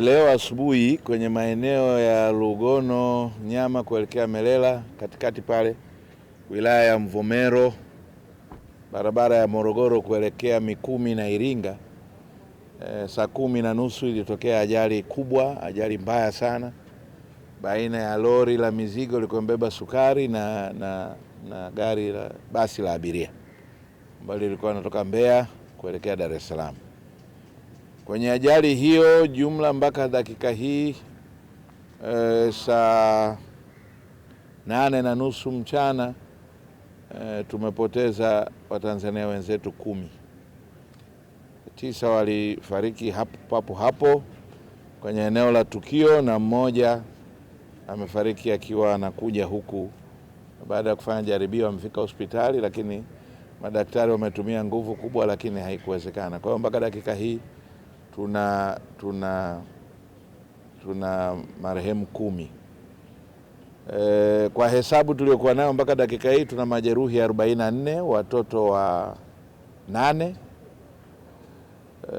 Leo asubuhi kwenye maeneo ya Lugono Nyama kuelekea Melela katikati pale wilaya ya Mvomero barabara ya Morogoro kuelekea Mikumi na Iringa e, saa kumi na nusu ilitokea ajali kubwa, ajali mbaya sana baina ya lori la mizigo likombeba sukari na, na, na gari la basi la abiria ambalo lilikuwa linatoka Mbeya kuelekea Dar es Salaam. Kwenye ajali hiyo jumla mpaka dakika hii e, saa nane na nusu mchana e, tumepoteza Watanzania wenzetu kumi. Tisa walifariki hapo papo hapo kwenye eneo la tukio na mmoja amefariki akiwa anakuja huku baada ya kufanya jaribio, amefika hospitali, lakini madaktari wametumia nguvu kubwa, lakini haikuwezekana. Kwa hiyo mpaka dakika hii tuna, tuna, tuna marehemu kumi e, kwa hesabu tuliokuwa nayo mpaka dakika hii tuna majeruhi 44 watoto wa nane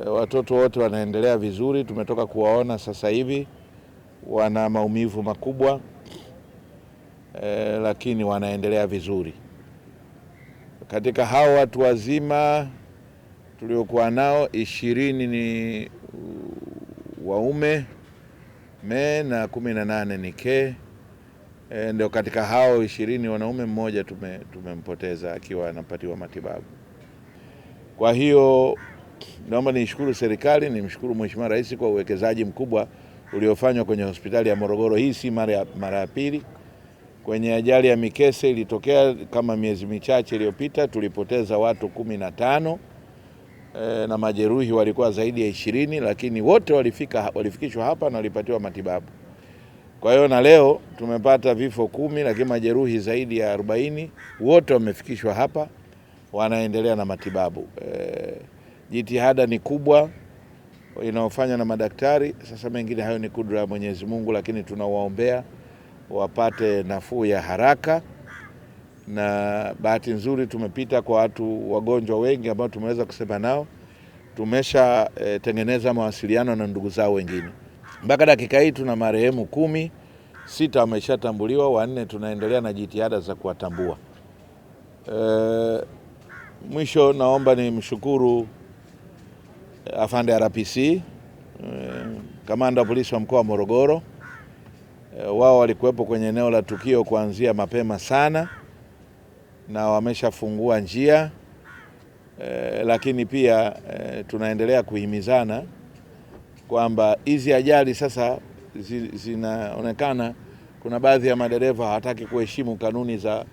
e, watoto wote wanaendelea vizuri, tumetoka kuwaona sasa hivi, wana maumivu makubwa e, lakini wanaendelea vizuri. Katika hao watu wazima tuliokuwa nao ishirini ni waume me na kumi na nane ni ke. E, ndio katika hao ishirini wanaume mmoja tume, tumempoteza akiwa anapatiwa matibabu. Kwa hiyo naomba nishukuru serikali, nimshukuru Mheshimiwa Rais kwa uwekezaji mkubwa uliofanywa kwenye hospitali ya Morogoro. Hii si mara ya pili. Kwenye ajali ya Mikese ilitokea kama miezi michache iliyopita, tulipoteza watu kumi na tano e, na majeruhi walikuwa zaidi ya ishirini, lakini wote walifika, walifikishwa hapa na walipatiwa matibabu. Kwa hiyo na leo tumepata vifo kumi, lakini majeruhi zaidi ya arobaini, wote wamefikishwa hapa wanaendelea na matibabu. E, jitihada ni kubwa inayofanywa na madaktari. Sasa mengine hayo ni kudra ya Mwenyezi Mungu, lakini tunawaombea wapate nafuu ya haraka na bahati nzuri tumepita kwa watu wagonjwa wengi ambao tumeweza kusema nao, tumesha e, tengeneza mawasiliano na ndugu zao wengine. Mpaka dakika hii tuna marehemu kumi, sita wameshatambuliwa, wanne tunaendelea na jitihada za kuwatambua. E, mwisho naomba nimshukuru eh, afande RPC e, kamanda wa polisi wa mkoa wa Morogoro. E, wao walikuwepo kwenye eneo la tukio kuanzia mapema sana na wameshafungua njia e, lakini pia e, tunaendelea kuhimizana kwamba hizi ajali sasa zinaonekana kuna baadhi ya madereva hawataki kuheshimu kanuni za,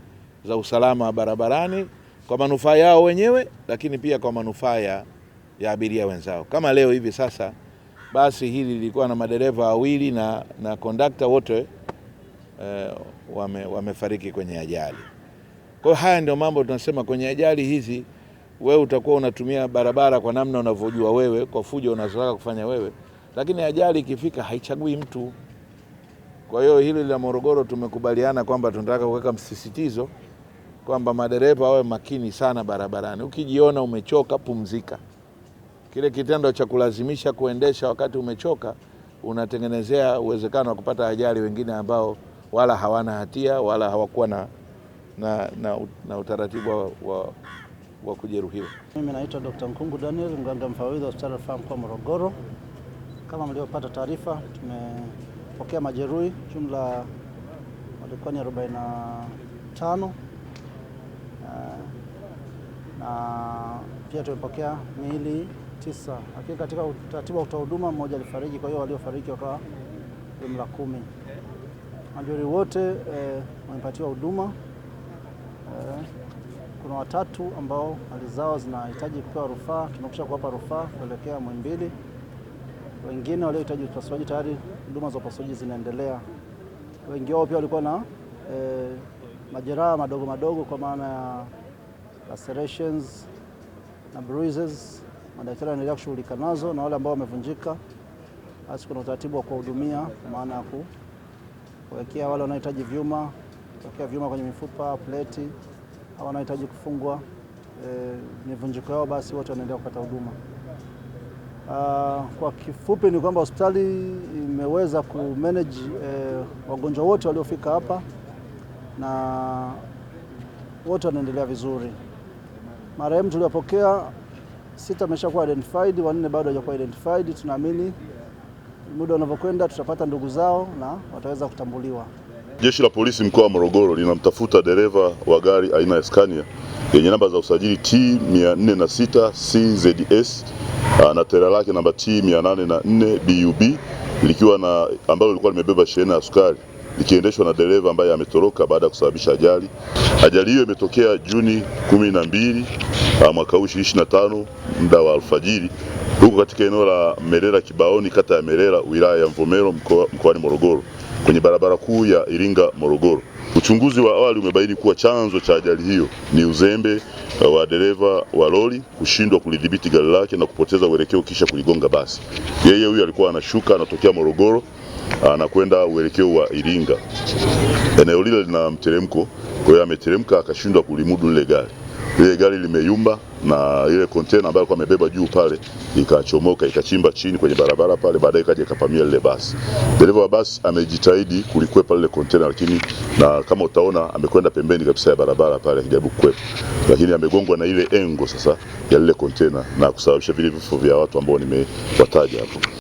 za usalama wa barabarani kwa manufaa yao wenyewe, lakini pia kwa manufaa ya abiria wenzao. Kama leo hivi sasa, basi hili lilikuwa na madereva wawili na, na kondakta wote eh, wame, wamefariki kwenye ajali. Kwa haya ndio mambo tunasema kwenye ajali hizi, wewe utakuwa unatumia barabara kwa namna unavyojua wewe, kwa fujo unazotaka kufanya wewe, lakini ajali ikifika haichagui mtu. Kwa hiyo hili la Morogoro tumekubaliana kwamba tunataka kuweka msisitizo kwamba madereva wawe makini sana barabarani. Ukijiona umechoka, pumzika. Kile kitendo cha kulazimisha kuendesha wakati umechoka, unatengenezea uwezekano wa kupata ajali wengine ambao wala hawana hatia wala hawakuwa na na, na, na utaratibu wa, wa kujeruhiwa. Mimi naitwa Dr. Nkungu Daniel, mganga mfawidhi hospitali rufaa mkoa Morogoro. Kama mlivyopata taarifa, tumepokea majeruhi jumla walikuwa ni 45 na pia tumepokea miili tisa, lakini katika utaratibu wa kutoa huduma mmoja alifariki, kwa hiyo waliofariki wakawa jumla kumi. Majeruhi wote eh, wamepatiwa huduma eh, kuna watatu ambao hali zao zinahitaji kupewa rufaa, tumekwisha kuwapa rufaa kuelekea Muhimbili. Wengine waliohitaji upasuaji tayari huduma za upasuaji zinaendelea. Wengi wao pia walikuwa na eh, majeraha madogo madogo kwa maana ya lacerations na bruises, madaktari wanaendelea kushughulika nazo, na wale ambao wamevunjika, basi kuna utaratibu wa kuwahudumia kwa maana ya kuwekea wale wanaohitaji vyuma kutokea vyuma kwenye mifupa, pleti au wanahitaji kufungwa e, mivunjiko yao, basi wote wanaendelea kupata huduma. Ah, kwa kifupi ni kwamba hospitali imeweza manage e, eh, wagonjwa wote waliofika hapa na wote wanaendelea vizuri. Marehemu tuliopokea sita ameshakuwa identified, wanne bado hawajakuwa identified. Tunaamini muda unavyokwenda tutapata ndugu zao na wataweza kutambuliwa. Jeshi la Polisi mkoa wa Morogoro linamtafuta dereva wa gari aina ya Scania yenye namba za usajili T 406 CZS ah, na tera lake namba T 804 BUB likiwa na ambalo lilikuwa limebeba shehena ya sukari likiendeshwa na dereva ambaye ametoroka baada ya kusababisha ajali. Ajali hiyo imetokea Juni kumi na mbili ah, mwaka huu 25 muda wa alfajiri huko katika eneo la Merera Kibaoni, kata ya Merera, wilaya ya Mvomero, mkoani Morogoro kwenye barabara kuu ya Iringa Morogoro. Uchunguzi wa awali umebaini kuwa chanzo cha ajali hiyo ni uzembe eh, wa dereva wa lori kushindwa kulidhibiti gari lake na kupoteza uelekeo kisha kuligonga basi. Yeye huyu alikuwa anashuka anatokea Morogoro anakwenda uelekeo wa Iringa. Eneo lile lina mteremko, kwa hiyo ameteremka akashindwa kulimudu lile gari lile gari limeyumba na ile container ambayo alikuwa amebeba juu pale ikachomoka ikachimba chini kwenye barabara pale, baadaye ikaja ikapamia lile basi. Dereva wa basi amejitahidi kulikwepa lile container, lakini na kama utaona amekwenda pembeni kabisa ya barabara pale akijaribu kukwepa, lakini amegongwa na ile engo sasa ya lile container na kusababisha vile vifo vya watu ambao nimewataja hapo.